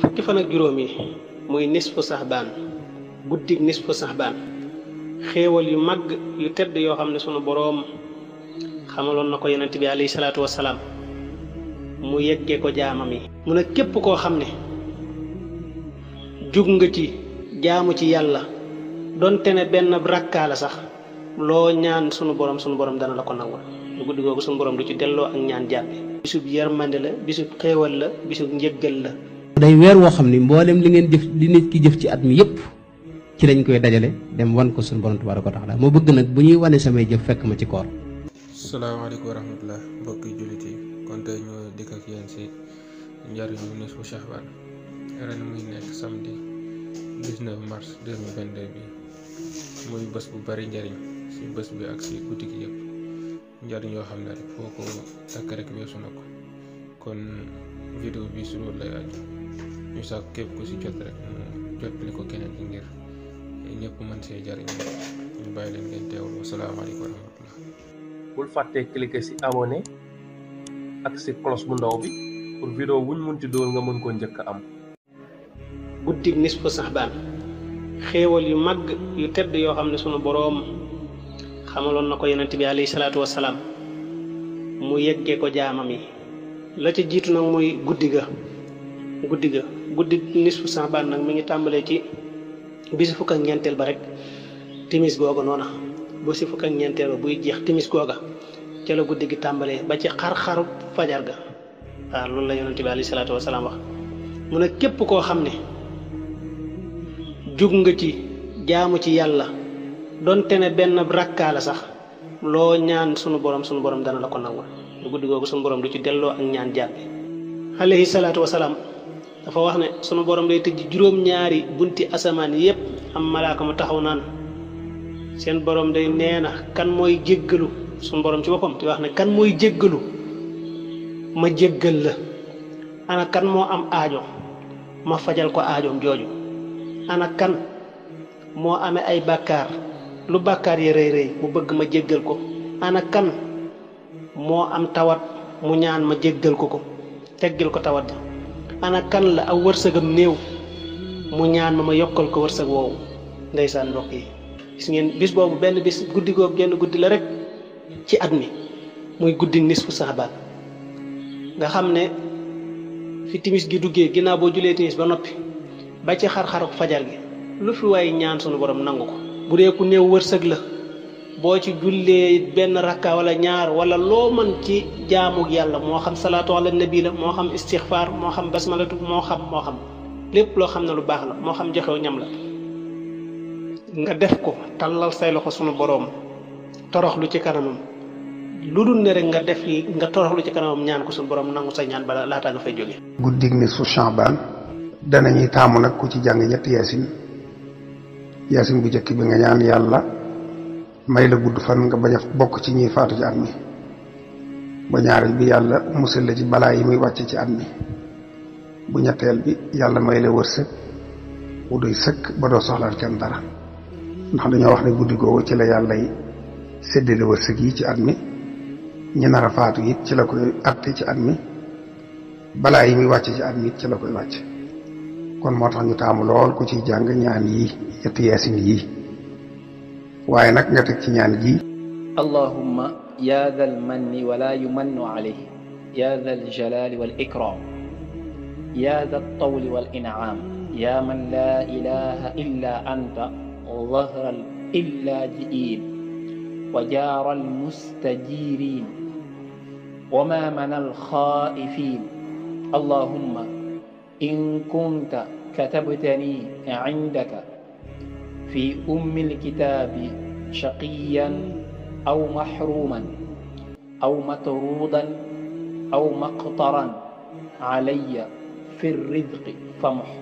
fukki fan ak juróom yi muy nisfu saxbaan guddig nisfu saxbaan xéewal yu mag yu tedd yoo xam ne sunu boroom xamaloon na ko yonent bi alayhi salaatu mu yeggee ko jaamam yi mu ne képp koo xam ne jug nga ci jaamu ci yàlla donte ne benn rakkaa sax lo ñaan sunu borom sunu borom dana la ko nangul lu gudd gogu sunu borom du ci delloo ak ñaan jàppe bisub yermande la bisub xéewal la bisub njëggal la day wër wo xamni mbolem li ngeen def li nit ki def ci atmi yépp ci lañ koy dajalé dem wan ko sunu borom tabaraka taala mo bëgg nak bu ñuy wané samay jëf fekk ma ci koor alaykum wa rahmatullah mbokk juliti kon ñu ak si njariñu nis bu shahban ren muy nekk samedi 19 mars 2022 bi muy bés bu bari njariñ si bës bi ak si guddi gi yëpp njariñ yoo xam ne rek foo ko takk rek weesu na ko kon vidéo bi su loolu lay aju ñu sax képp ko si jot rek mu jottali ko keneen ki ngir ñëpp mën see jariñ ñu bàyyi leen ngeen teewul wasalaamaaleykum wa rahmatullah bul fàtte cliquer si abonné ak si cloche bu ndaw bi pour vidéo wuñ mun ci doon nga mën koo njëkk am guddig nis ko sax daal xéewal yu mag yu tedd yoo xam ne sunu boroom xamaloon na ko yenent bi alayhi salatu wasalaam mu yëggee ko jaamam yi la ci jiitu nag mooy guddi ga guddi ga guddi nisfu saban nag mi ngi tàmbalee ci bisi fukk ak ñeenteel ba rek timis googa noona bu si fukk ak ñeenteel ba buy jeex timis googa ca la guddi gi tàmbalee ba ci xar-xaru fajar ga waaw loolu la yonente bi alayhi salatu wasalaam wax mu ne képp koo xam ne jug nga ci jaamu ci yàlla donte ne benn rakkaa la sax loo ñaan sunu borom sunu borom dana la ko nangul guddi googu sunu borom du ci delloo ak ñaan jàppe alayhi salaatu wasalaam dafa wax ne sunu borom day tëj juróom ñaari bunti asamaan yep am malaaka mu taxaw naan seen borom day nee kan mooy jéggalu sunu borom ci boppam di wax ne kan mooy jéggalu ma jéggal la ana kan moo am aajo ma fajal ko aajoom jooju ana kan moo amee ay bàkkaar lu bàkkaar ya rëy rëy mu bëgg ma jéggal ko ana kan moo am tawat mu ñaan ma jéggal ko ko teggal ko tawat ana kan la aw wërsëgam néew mu ñaan ma ma yokkal ko wërsëg woowu ndeysaan mbokk yi gis ngeen bis boobu benn bis guddi googu genn guddi la rek ci at mi muy guddi nisfu saabaan nga xam ne fi timis gi duggee ginnaaw boo julee timis ba noppi ba ci xar-xaru fajar gi lu fi waaye ñaan sunu borom nangu bude ku néew wërsëg la bo ci julle ben rakka wala ñaar wala lo man ci jaamu yalla mo xam salatu ala nabi la mo xam istighfar mo xam basmalatu mo xam mo xam lepp lo xam na lu bax la mo xam joxew ñam la nga def ko talal say loxo sunu torox lu ci kanamam ludul ne rek nga def nga lu ci kanamam ñaan ko sunu borom nangu sa ñaan bala ta nga fay joge guddig ni su chamban ñi tamu nak ku ci jang ñet yasin yaasin bu njëkk bi nga ñaan yàlla may la gudd fan nga bañ bokk ci ñuy faatu ci at mi ba ñaareel bi yàlla musal la ci balaa yi muy wàcc ci at mi bu ñetteel yàlla may la wërsëg bu doy sëkk ba doo soxlaal kenn dara ndax dañoo wax ne guddi googu ci la yàlla yi séddale wërsëg yi ci at mi ñi nar a faatu it ci la koy atte ci at mi balaa yi muy wàcc ci at mi it ci la koy wàcc kon motax ñu taamu lool ku ci jàng ñaan yi ñetti yaasin yi waye nak nga tek ci ñaan gi allahumma ya manni wa la yumannu alayhi ya dha jalal wal ikram ya dha tawl wal inam ya man la ilaha illa anta ظهر اللاجئين وجار المستجيرين وما من الخائفين اللهم إن كنت كتبتني عندك في أم الكتاب شقيا أو محروما أو مطرودا أو مقطرا علي في الرزق فمح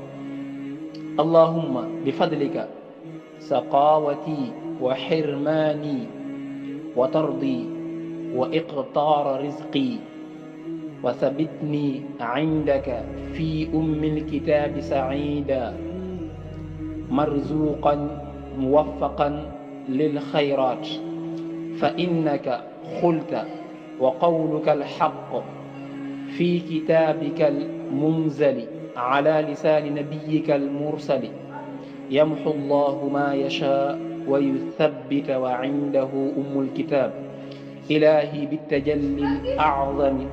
اللهم بفضلك سقاوتي وحرماني وترضي وإقطار رزقي وثبتني عندك في أم الكتاب سعيدا مرزوقا موفقا للخيرات فإنك خلت وقولك الحق في كتابك المنزل على لسان نبيك المرسل يمحو الله ما يشاء ويثبت وعنده أم الكتاب إلهي بالتجلي الأعظم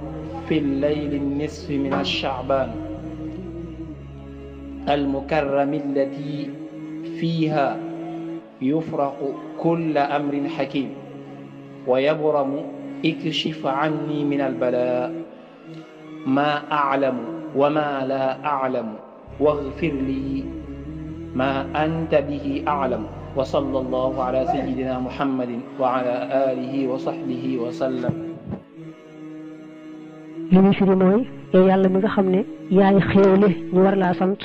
في الليل النصف من الشعبان المكرم التي فيها يفرق كل أمر حكيم ويبرم اكشف عني من البلاء ما أعلم وما لا أعلم واغفر لي ما أنت به أعلم وصلى الله على سيدنا محمد وعلى آله وصحبه وسلم li muy firi mooy yàlla mi nga xam ne yaay xéewale ñu war laa sant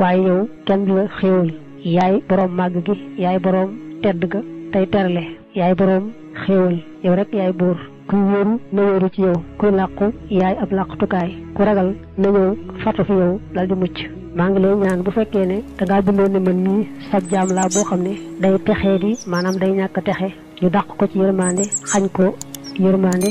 waaye yow kenn du la xéewal yaay boroom màgg gi yaay boroom tedd ka tey terle yaay boroom xéewal yow rek yaay buur kuy wóoru na wóoru ci yow kuy làqu yaay ab làqutukaay ku ragal na ñëw fàttu fi yow dal di mucc maa ngi lay ñaan bu fekkee ne da ngaa bindoon ne mii sab jaam laa boo xam ne day texee di maanaam day ñàkk texe ñu dàq ko ci yërmande xañ ko yërmande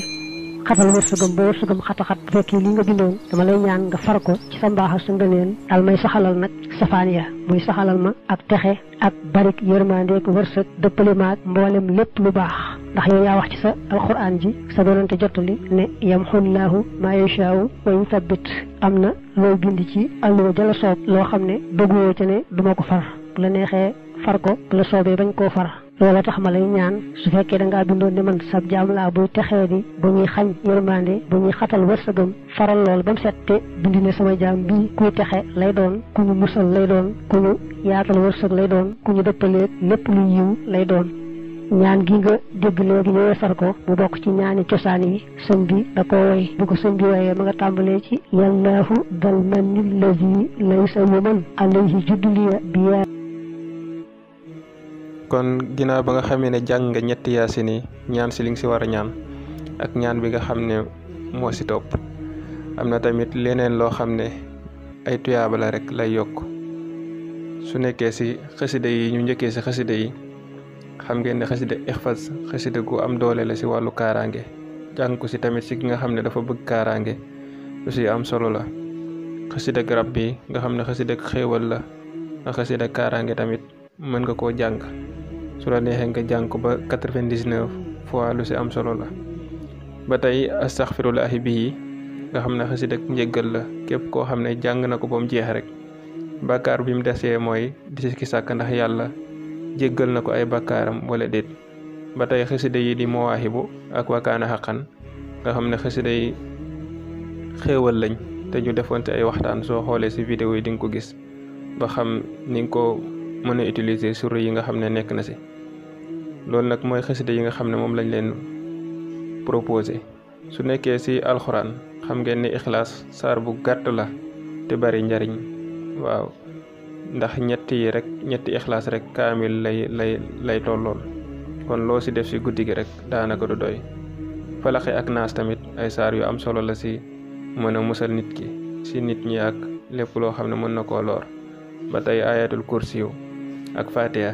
xatal wërsëgam ba wërsëgam xataxat bu fekkee li nga bindoon dama lay ñaan nga far ko ci sa mbaax ak sa ngëneel daal may saxalal nag safaan ya muy saxalal ma ak texe ak barik yërmandeek wërsëg dëppale maag mboolem lépp lu baax ndax yow yaa wax ci sa alxuraan ji sa doonante jottali ne yamxullaahu maa yashaa'u wa yuthabbit am na loo bind ci alluwa jala soob loo xam ne bëgguwoo ca ne duma ko far bu la neexee far ko bu la soobee bañ koo far loola tax ma lay ñaan su fekkee da ngaa bindoon ne man sab jaam laa buy texee di bu ñuy xañ yërmande bu ñuy xatal wërsëgam faral lool bam mu set te bindi ne sama jaam bii kuy texe lay doon ku ñu musal lay doon ku ñu yaatal wërsëg lay doon ku ñu dëppaleeg lépp lu yiw lay doon ñaan gi nga dégg léegi ñu weesar ko mu bokk ci ñaani cosaan yi sëñ bi da ko woy bu ko sëñ bi woyee ma nga tàmbalee ci yàllaahu dal man ni lazi laysa mu man alayhi bi biyaa kon ginaaw ba nga xamé né jang nga ñetti yasini ñaan ci li ci wara ñaan ak ñaan bi nga xamné mo ci top amna tamit leneen lo xamné ay tuyaaba la rek lay yok su nekké ci xasida yi ñu ñëkke ci xasida yi xam ngeen ne xasida ixfas xasida gu am doole la ci walu karange jang ko ci tamit ci ki nga xamné dafa bëgg karange lu ci am solo la xasida garab bi nga xamné ne xewal la nga karange tamit mën nga ko jang su la neexee nga jàng ko ba quatre vingt dix fois lu si am solo la ba tey astaxfirullahi bii nga xam ne xasida ak njëggal la képp koo xam ne jàng na ko ba mu jeex rek bakkaar bi mu desee mooy di ki sàkk ndax yàlla jéggal na ko ay bàkkaaram wala déet ba tey xasida yi di mawaahibu ak wakaana xaqan nga xam ne xasida yi xéewal lañ te ñu defoon ci ay waxtaan soo xoolee si vidéo yi di nga ko gis ba xam ni ko mën a utiliser sura yi nga xam ne nekk na si loolu nag mooy xasida yi nga xam ne moom lañ leen proposé su nekkee si alxuraan xam ngeen ni ixlaas saar bu gàtt la te bari njariñ waaw ndax ñett yi rek ñetti ixlaas rek kaamil lay lay lay tollool kon loo si def si guddi gi rek daanaka du doy falaxe ak naas tamit ay saar yu am solo la si mën a musal nit ki si nit ñi ak lépp loo xam ne mën na koo loor ba ayatul kursiyu ak fatiha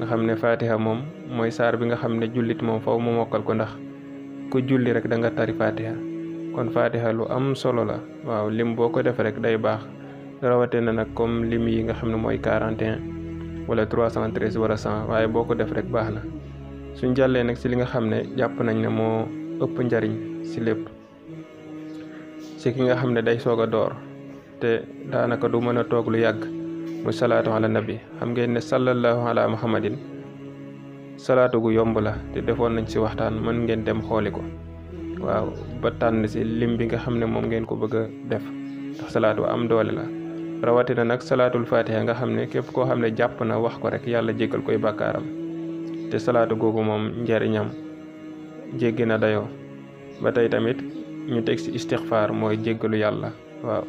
nga xam ne fatiha moom mooy saar bi nga xam ne jullit moom faw mu mokkal ko ndax ku julli rek da nga tari fatiha kon fatiha lu am solo la waaw lim boo ko def rek day baax rawate na nag comme lim yi nga xam ne mooy 41 wala 313 wala 100 waaye boo ko def rek baax na suñ jàllee nag si li nga xam ne jàpp nañ ne moo ëpp njariñ si lépp si ki nga xam ne day soog a door te daanaka du mën a toog lu yàgg muy salaatu ala nabi xam ngeen ne sallallahu ala muhammadin salaatu gu yomb la te defoon nañ ci waxtaan mën ngeen dem xooli ko waaw ba tànn si lim bi nga xam ne moom ngeen ko bëgg a def ndax salaatu am doole la rawatina nag salaatul fatiha nga xam ne képp koo xam ne jàpp na wax ko rek yàlla jéggal koy bàkkaaram te salaatu googu moom njariñam jéggi na dayoo ba tey tamit ñu teg ci istixfaar mooy jéggalu yàlla waaw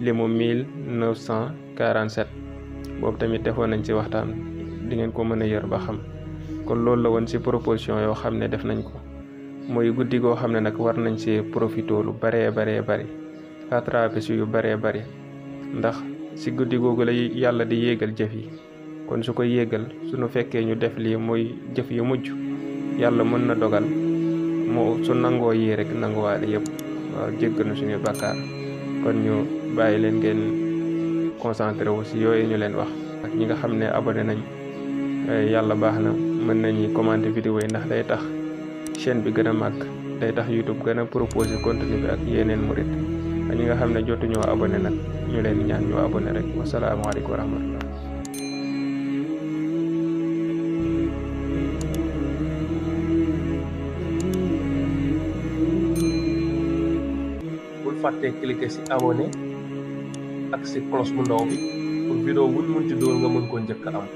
limu 1947 boobu tamit defoon nañ ci waxtaan di ngeen ko mën a yër ba xam kon loolu la woon ci proposition yoo xam ne def nañ ko mooy guddi goo xam ne nag war nañ ci profitoo lu baree baree bari rattrapé yu baree bari ndax ci guddi googu la yàlla di yéegal jëf yi kon su ko yéegal suñu fekkee ñu def lii mooy jëf yu mujj yàlla mën na dogal mu su nangoo yii rek nango yépp waaw jéggal na suñu bakkaar kon ñu bayi len ngeen concentré wu si yoy ñu len wax ak ñi nga xam abonné nañ eh, yàlla baax na mën nañu commenter vidéo yi ndax day tax chaîne bi gëna mag day tax YouTube gëna proposer contenu bi ak yeneen murit ak ñi nga xam jottu ñoo abonné nak ñu len ñaan ñoo abonné rek alaykum wa rahmatullah bul fàtte cliquer ci abonné ak si cloche bu ndaw bi pour vidéo wuñ doon nga mën koo njëkk am